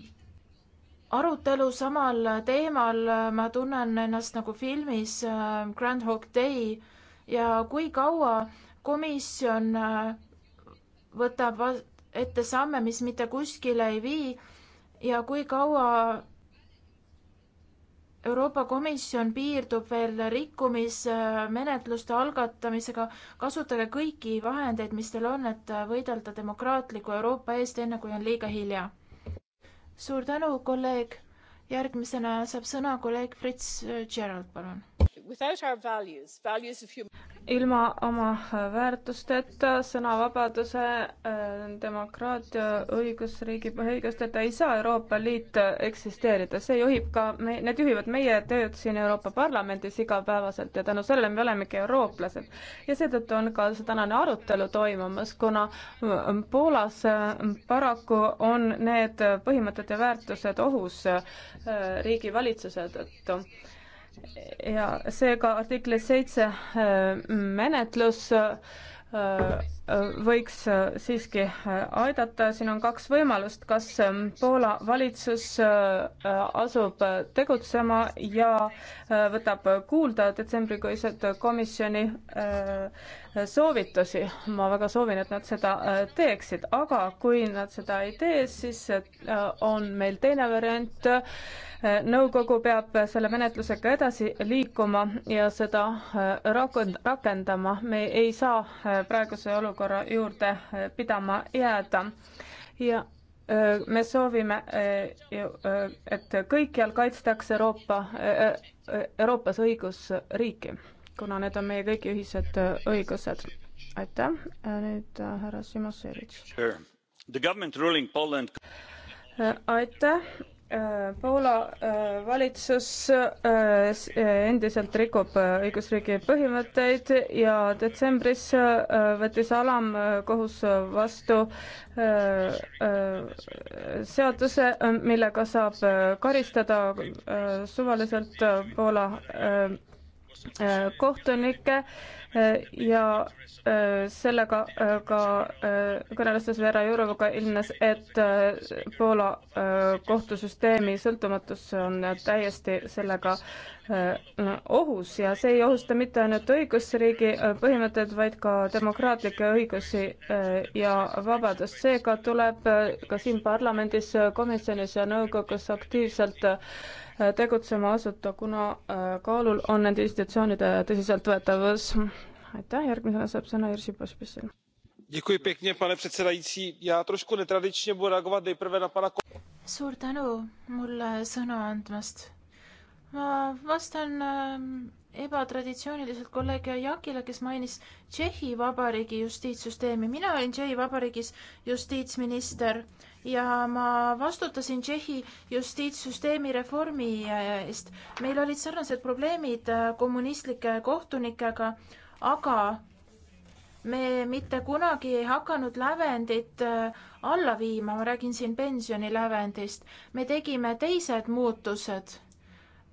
E: arutelu samal teemal, ma tunnen ennast nagu filmis äh, Groundhog Day ja kui kaua komisjon äh, võtab ette samme, mis mitte kuskile ei vii ja kui kaua Euroopa Komisjon piirdub veel rikkumismenetluste algatamisega, kasutage kõiki vahendeid, mis teil on, et võidelda demokraatliku Euroopa eest, enne kui on liiga hilja suur tänu, kolleeg. järgmisena saab sõna kolleeg Fritz Gerald, palun
F: ilma oma äh, väärtusteta, sõnavabaduse, äh, demokraatia, õigusriigi põhiõigusteta ei saa Euroopa Liit äh, eksisteerida, see juhib ka me, need juhivad meie tööd siin Euroopa Parlamendis igapäevaselt ja tänu sellele me olemegi eurooplased. ja seetõttu on ka see tänane arutelu toimumas, kuna Poolas paraku on need põhimõtted ja väärtused ohus riigi valitsuse tõttu ja seega artiklis seitse äh, menetlus äh, võiks äh, siiski äh, aidata, siin on kaks võimalust, kas ähm, Poola valitsus äh, asub tegutsema ja võtab kuulda detsembrikuised komisjoni soovitusi. ma väga soovin, et nad seda teeksid, aga kui nad seda ei tee, siis on meil teine variant. nõukogu peab selle menetlusega edasi liikuma ja seda rakend-, rakendama. me ei saa praeguse olukorra olukorra juurde äh, pidama jääda ja äh, me soovime, äh, et kõikjal kaitstaks Euroopa, Euroopas õigusriiki, kuna need on meie kõigi ühised õigused. aitäh, nüüd härra Simosevitš. aitäh Äh, Poola äh, valitsus äh, endiselt rikub õigusriigi põhimõtteid ja detsembris võttis alamkohus vastu seaduse, millega saab karistada suvaliselt Poola kohtunikke Äh, ja äh, sellega äh, ka kõnelustes Vera Jurovaga ilmnes, et Poola kohtusüsteemi sõltumatus on täiesti sellega ohus ja see ei ohusta mitte ainult õigusriigi põhimõtteid, vaid ka demokraatlikke õigusi ja vabadust. seega tuleb ka siin parlamendis, komisjonis ja nõukogus aktiivselt tegutsema asuta, kuna äh, kaalul on nende institutsioonide tõsiseltvõetavus. aitäh, järgmisena saab sõna Jerzy Pospisil.
E: pane předsedající já trošku netradičně budu reagovat nejprve na pana.
F: suur tänu
E: mulle sõna andmast. ma vastan ähm, ebatraditsiooniliselt kolleeg Jakile, kes mainis Tšehhi Vabariigi justiitssüsteemi. mina olin Tšehhi Vabariigis justiitsminister ja ma vastutasin Tšehhi justiitssüsteemi reformi äh, eest. meil olid sarnased probleemid äh, kommunistlike kohtunikega, aga me mitte kunagi ei hakanud lävendit äh, alla viima, ma räägin siin pensionilävendist. me tegime teised muutused.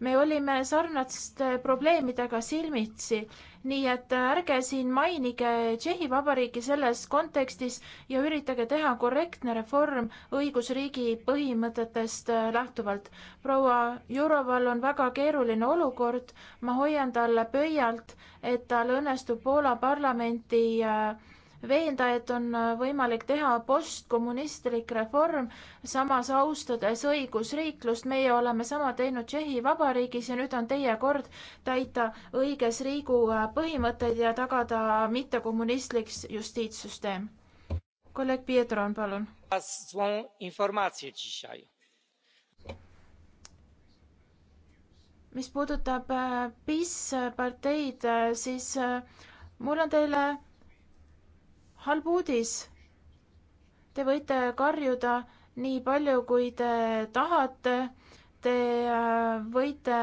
E: me olime sarnaste probleemidega silmitsi nii et äh, ärge siin mainige Tšehhi Vabariiki selles kontekstis ja üritage teha korrektne reform õigusriigi põhimõtetest äh, lähtuvalt. proua Juroval on väga keeruline olukord, ma hoian talle pöialt, et tal õnnestub Poola parlamenti äh, veenda, et on äh, võimalik teha postkommunistlik reform, samas austades õigusriiklust. meie oleme sama teinud Tšehhi Vabariigis ja nüüd on teie kord täita õiges riigu äh, põhimõtteid ja tagada mittekommunistlik justiitssüsteem. kolleeg Pietron, palun. mis puudutab äh, PIS parteid, siis mul on teile halb uudis. Te võite karjuda nii palju, kui te tahate. Te äh, võite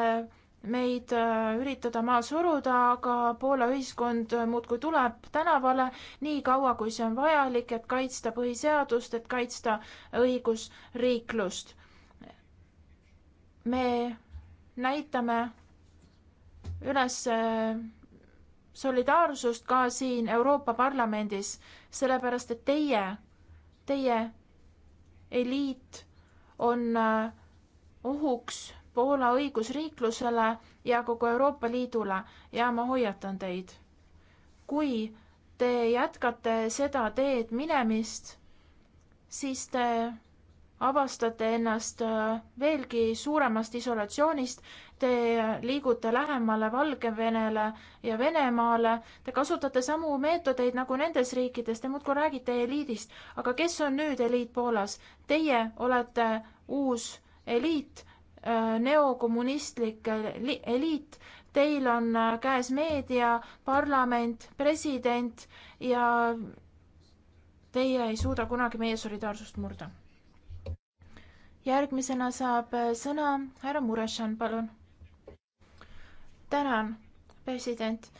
E: meid äh, üritada maha suruda, aga Poola ühiskond muudkui tuleb tänavale nii kaua, kui see on vajalik, et kaitsta põhiseadust, et kaitsta õigusriiklust. me näitame üles äh, solidaarsust ka siin Euroopa Parlamendis, sellepärast et teie, teie eliit on äh, ohuks Poola õigusriiklusele ja kogu Euroopa Liidule ja ma hoiatan teid. kui te jätkate seda teed minemist, siis te avastate ennast äh, veelgi suuremast isolatsioonist, te liigute lähemale Valgevenele ja Venemaale, te kasutate samu meetodeid nagu nendes riikides, te muudkui räägite eliidist, aga kes on nüüd eliit Poolas? Teie olete uus eliit, äh, neokommunistlik eliit, teil on äh, käes meedia, parlament, president ja teie ei suuda kunagi meie solidaarsust murda järgmisena saab äh, sõna härra Murešan, palun. tänan, president.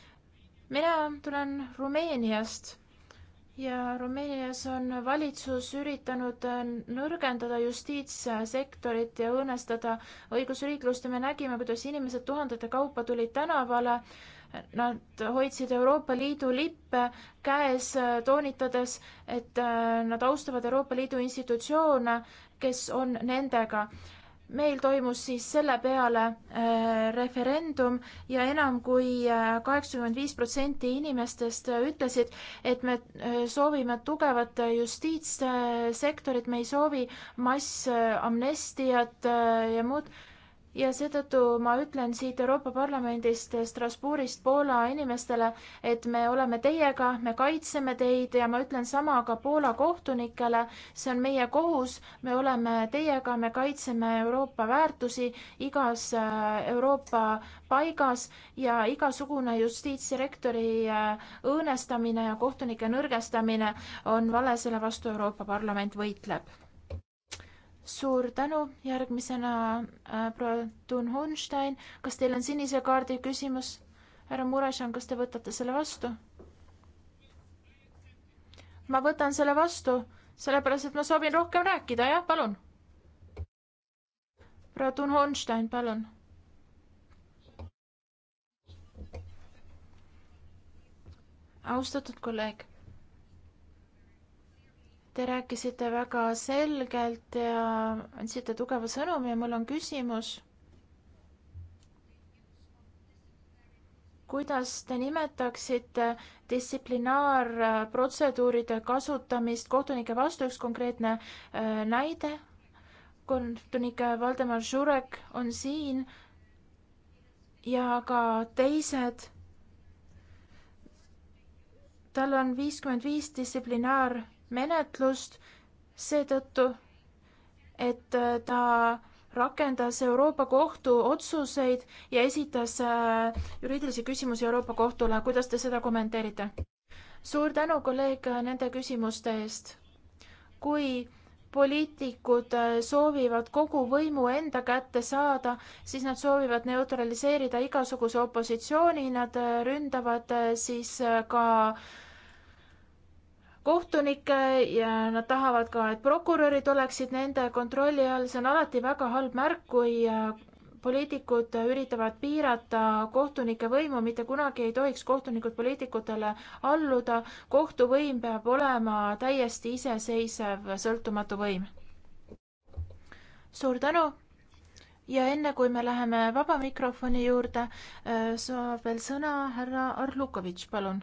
E: mina tulen Rumeeniast ja Rumeenias on valitsus üritanud äh, nõrgendada justiitssektorit ja õõnestada õigusriiklust ja me nägime, kuidas inimesed tuhandete kaupa tulid tänavale. Nad hoidsid Euroopa Liidu lippe käes, äh, toonitades, et nad austavad Euroopa Liidu institutsioone kes on nendega. meil toimus siis selle peale äh, referendum ja enam kui äh, kaheksakümmend viis protsenti inimestest äh, ütlesid, et me soovime tugevat justiitssektorit, me ei soovi massamnestiat ja muud ja seetõttu ma ütlen siit Euroopa Parlamendist Strasbourgist Poola inimestele, et me oleme teiega, me kaitseme teid ja ma ütlen sama ka Poola kohtunikele, see on meie kohus, me oleme teiega, me kaitseme Euroopa väärtusi igas äh, Euroopa paigas ja igasugune justiitsdirektori äh, õõnestamine ja kohtunike nõrgestamine on vale, selle vastu Euroopa Parlament võitleb suur tänu, järgmisena äh, proua Tun Hunstein, kas teil on sinise kaardi küsimus? härra Murešan, kas te võtate selle vastu? ma võtan selle vastu, sellepärast et ma soovin rohkem rääkida, jah, palun. proua Tun Hunstein, palun. austatud kolleeg Te rääkisite väga selgelt ja andsite tugeva sõnumi ja mul on küsimus. kuidas te nimetaksite distsiplinaarprotseduuride kasutamist kohtunike vastu, üks konkreetne äh, näide, kohtunik Valdemar Žurek on siin ja ka teised. tal on viiskümmend viis distsiplinaar menetlust seetõttu, et äh, ta rakendas Euroopa Kohtu otsuseid ja esitas äh, juriidilisi küsimusi Euroopa Kohtule. kuidas te seda kommenteerite? suur tänu, kolleeg, nende küsimuste eest. kui poliitikud äh, soovivad kogu võimu enda kätte saada, siis nad soovivad neutraliseerida igasuguse opositsiooni, nad ründavad siis ka äh, kohtunikke ja nad tahavad ka, et prokurörid oleksid nende kontrolli all, see on alati väga halb märk, kui äh, poliitikud üritavad piirata kohtunike võimu, mitte kunagi ei tohiks kohtunikud poliitikutele alluda. kohtuvõim peab olema täiesti iseseisev, sõltumatu võim. suur tänu ja enne kui me läheme vaba mikrofoni juurde, äh, saab veel sõna härra Arlukovitš, palun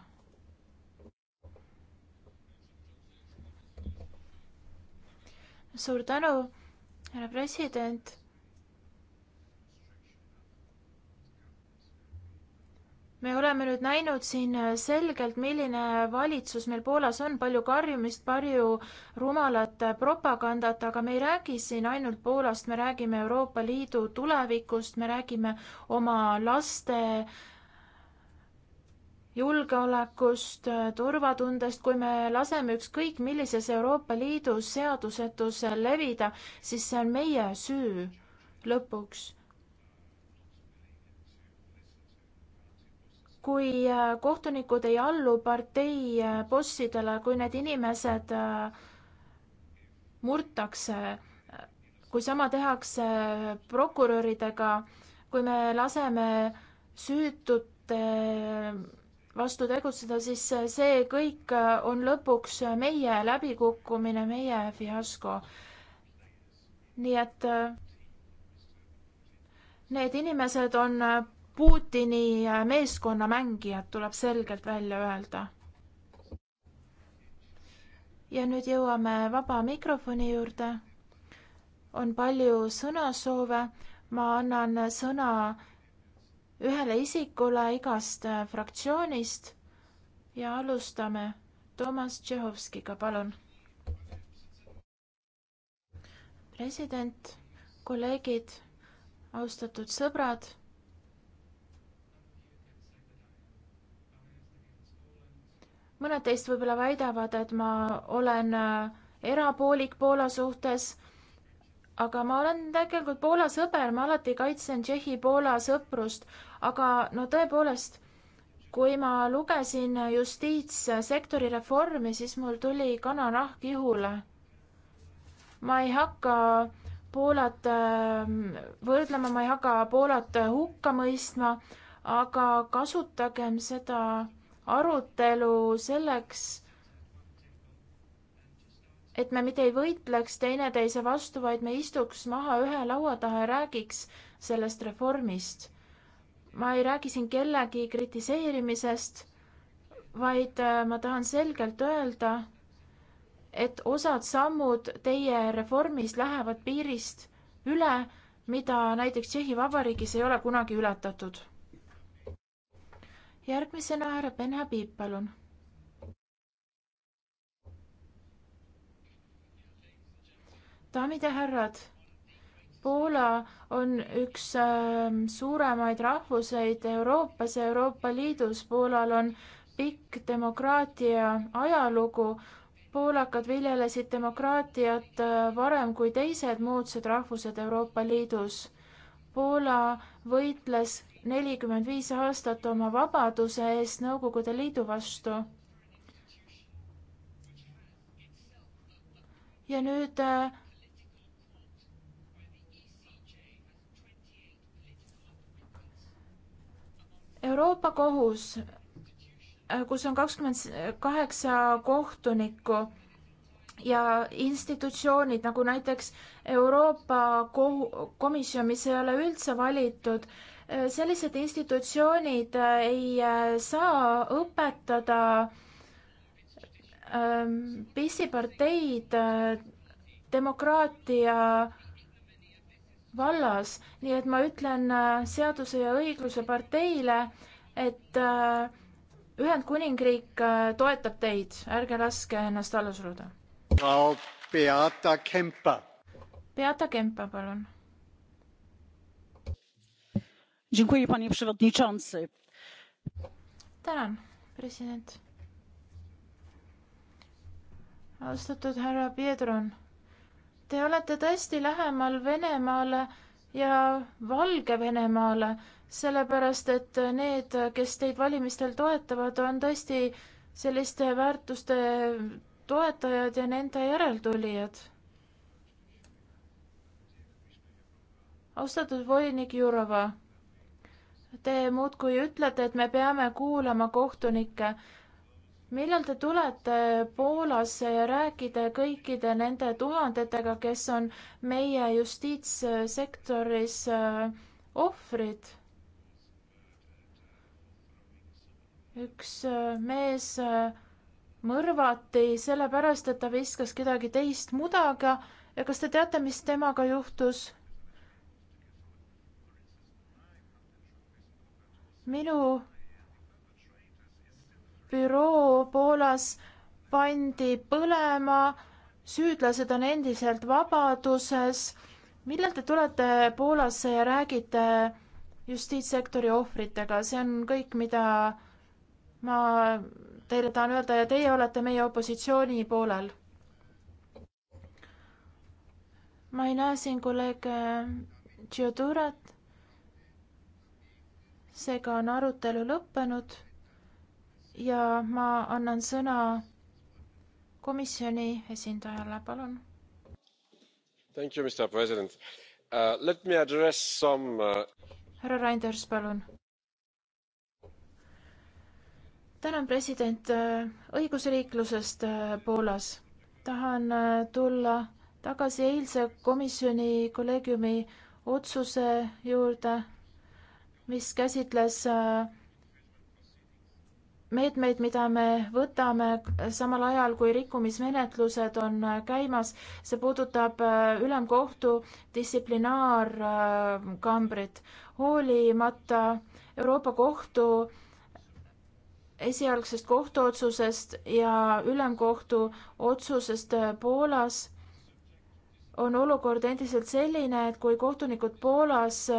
E: suur tänu, härra president. me oleme nüüd näinud siin selgelt, milline valitsus meil Poolas on, palju karjumist, palju rumalat propagandat, aga me ei räägi siin ainult Poolast, me räägime Euroopa Liidu tulevikust, me räägime oma laste äh, julgeolekust, turvatundest, kui me laseme ükskõik millises Euroopa Liidu seadusetusel levida, siis see on meie süü lõpuks. kui äh, kohtunikud ei allu partei äh, bossidele, kui need inimesed äh, murtakse, kui sama tehakse prokuröridega, kui me laseme süütute vastu tegutseda, siis see kõik on lõpuks meie läbikukkumine, meie fiasko. nii et äh, need inimesed on äh, Putini äh, meeskonna mängijad, tuleb selgelt välja öelda. ja nüüd jõuame vaba mikrofoni juurde. on palju sõnasoove, ma annan sõna ühele isikule igast äh, fraktsioonist ja alustame Toomas Tšehovskiga, palun. president, kolleegid, austatud sõbrad. mõned teist võib-olla väidavad, et ma olen äh, erapoolik Poola suhtes aga ma olen tegelikult Poola sõber, ma alati kaitsen Tšehhi-Poola sõprust, aga no tõepoolest, kui ma lugesin justiitssektori reformi, siis mul tuli kananahk ihule. ma ei hakka Poolat ähm, võrdlema, ma ei hakka Poolat hukka mõistma, aga kasutagem seda arutelu selleks et me mitte ei võitleks teineteise vastu, vaid me istuks maha ühe laua taha ja räägiks sellest reformist. ma ei räägi siin kellegi kritiseerimisest, vaid äh, ma tahan selgelt öelda, et osad sammud teie reformis lähevad piirist üle, mida näiteks Tšehhi Vabariigis ei ole kunagi ületatud. järgmisena härra Ben Habib, palun daamid ja härrad, Poola on üks ähm, suuremaid rahvuseid Euroopas ja Euroopa Liidus. Poolal on pikk demokraatia ajalugu. poolakad viljelesid demokraatiat äh, varem kui teised moodsad rahvused Euroopa Liidus. Poola võitles nelikümmend viis aastat oma vabaduse eest Nõukogude Liidu vastu. ja nüüd äh, Euroopa Kohus, äh, kus on kakskümmend kaheksa kohtunikku ja institutsioonid nagu näiteks Euroopa kohu-, komisjon, mis ei ole üldse valitud, äh, sellised institutsioonid äh, ei saa õpetada ähm, pissiparteid demokraatia vallas, nii et ma ütlen äh, Seaduse ja õigluse parteile, et äh, Ühendkuningriik äh, toetab teid, ärge laske ennast alla suruda.
C: Beata Kempa.
E: Beata Kempa, palun. tänan, president. austatud härra Piedron Te olete tõesti lähemal Venemaale ja Valgevenemaale, sellepärast et need, kes teid valimistel toetavad, on tõesti selliste väärtuste toetajad ja nende järeltulijad. austatud volinik Jurova, te muudkui ütlete, et me peame kuulama kohtunikke millal te tulete Poolasse ja räägite kõikide nende tuhandetega, kes on meie justiitssektoris äh, ohvrid? üks äh, mees äh, mõrvati sellepärast, et ta viskas kedagi teist mudaga ja kas te teate, mis temaga juhtus? minu büroo Poolas pandi põlema, süüdlased on endiselt vabaduses. millal te tulete Poolasse ja räägite justiitssektori ohvritega, see on kõik, mida ma teile tahan öelda ja teie olete meie opositsiooni poolel. ma ei näe siin kolleeg äh, Tšiodurat. seega on arutelu lõppenud ja ma annan sõna komisjoni esindajale, palun.
C: Uh, some... Uh,
E: härra Reinders, palun. tänan, president, uh, õigusriiklusest uh, Poolas. tahan tulla tagasi eilse komisjoni kolleegiumi otsuse juurde, mis käsitles äh, meetmeid, mida me võtame samal ajal, kui rikkumismenetlused on äh, käimas. see puudutab äh, ülemkohtu distsiplinaarkambrit. hoolimata Euroopa Kohtu esialgsest kohtuotsusest ja ülemkohtu otsusest äh, Poolas on olukord endiselt selline, et kui kohtunikud Poolas äh,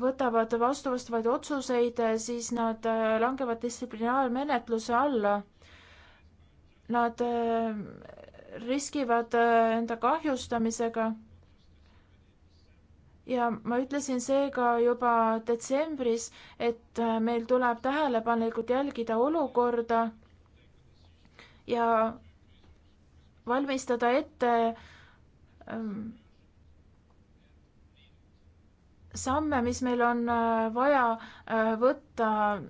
E: võtavad vastu vastavaid otsuseid, siis nad äh, langevad distsiplinaarmenetluse alla. Nad äh, riskivad äh, enda kahjustamisega. ja ma ütlesin seega juba detsembris, et meil tuleb tähelepanelikult jälgida olukorda ja valmistada ette ähm, samme, mis meil on äh, vaja äh, võtta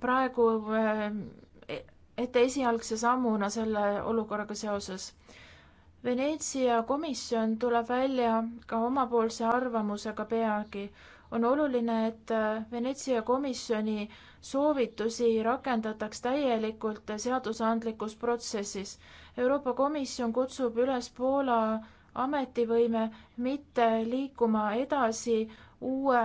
E: praegu äh, ette esialgse sammuna selle olukorraga seoses. Veneetsia komisjon tuleb välja ka omapoolse arvamusega peagi. on oluline, et Veneetsia komisjoni soovitusi rakendataks täielikult seadusandlikus protsessis. Euroopa Komisjon kutsub üles Poola ametivõime mitte liikuma edasi äh, uue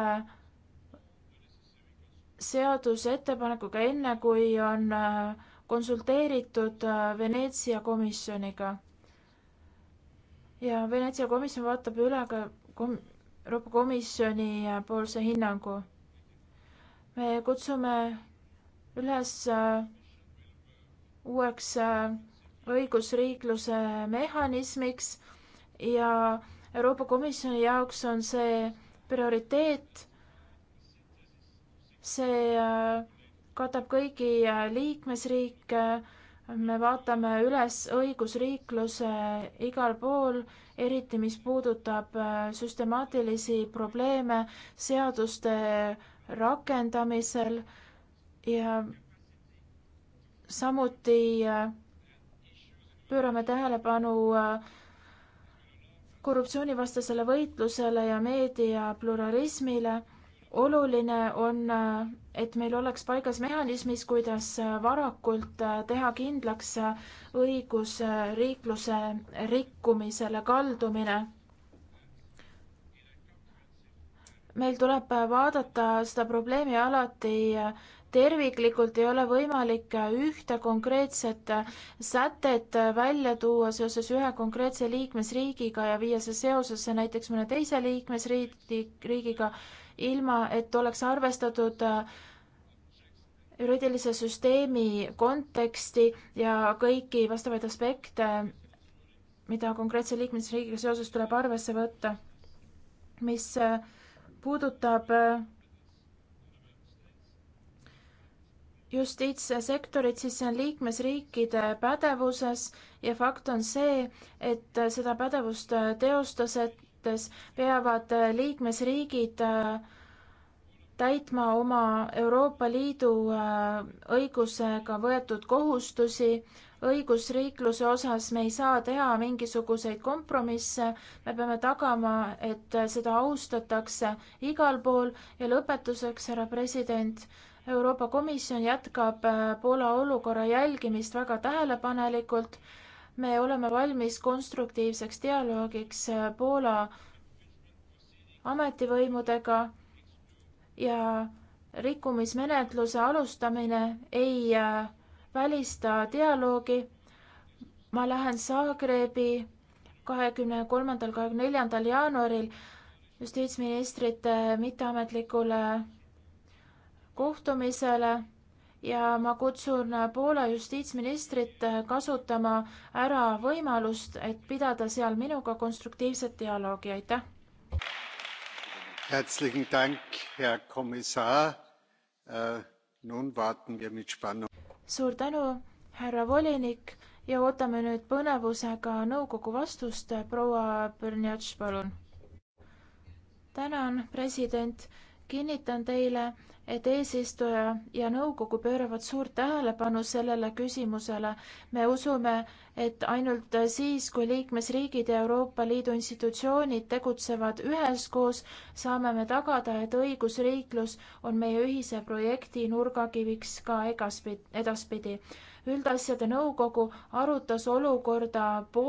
E: seaduseettepanekuga enne, kui on äh, konsulteeritud äh, Veneetsia komisjoniga. ja Veneetsia komisjon vaatab üle ka kom-, Euroopa Komisjoni äh, poolse hinnangu. me kutsume üles uueks õigusriikluse mehhanismiks ja Euroopa Komisjoni jaoks on see prioriteet. see äh, katab kõigi äh, liikmesriike. me vaatame üles õigusriikluse äh, igal pool, eriti mis puudutab süstemaatilisi probleeme seaduste rakendamisel ja samuti pöörame tähelepanu äh, korruptsioonivastasele võitlusele ja meediapluralismile. oluline on, et meil oleks paigas mehhanismis, kuidas varakult teha kindlaks õigusriikluse rikkumisele kaldumine. meil tuleb vaadata seda probleemi alati terviklikult ei ole võimalik ühte konkreetset sätet välja tuua seoses ühe konkreetse liikmesriigiga ja viia see seosesse näiteks mõne teise liikmesriigiga, ilma et oleks arvestatud juriidilise süsteemi konteksti ja kõiki vastavaid aspekte, mida konkreetse liikmesriigiga seoses tuleb arvesse võtta. mis puudutab justiitssektorit, siis see on liikmesriikide pädevuses ja fakt on see, et seda pädevust teostades peavad liikmesriigid äh, täitma oma Euroopa Liidu äh, õigusega võetud kohustusi. õigusriikluse osas me ei saa teha mingisuguseid kompromisse, me peame tagama, et seda austatakse igal pool ja lõpetuseks, härra president, Euroopa Komisjon jätkab äh, Poola olukorra jälgimist väga tähelepanelikult. me oleme valmis konstruktiivseks dialoogiks äh, Poola ametivõimudega ja rikkumismenetluse alustamine ei äh, välista dialoogi. ma lähen Zagrebi kahekümne kolmandal, kahekümne neljandal jaanuaril justiitsministrite mitteametlikule kohtumisele ja ma kutsun Poola justiitsministrit kasutama ära võimalust, et pidada seal minuga konstruktiivset dialoogi, aitäh.
C: Herzlichen Dank, Herr Kommissar. Äh, nun warten wir mit Spannung.
E: suur tänu, härra volinik ja ootame nüüd põnevusega nõukogu vastust. proua Brnjatš, palun. tänan, president. kinnitan teile, et eesistuja ja nõukogu pööravad suurt tähelepanu sellele küsimusele. me usume, et ainult siis, kui liikmesriigid ja Euroopa Liidu institutsioonid tegutsevad üheskoos, saame me tagada, et õigusriiklus on meie ühise projekti nurgakiviks ka edaspidi. üldasjade nõukogu arutas olukorda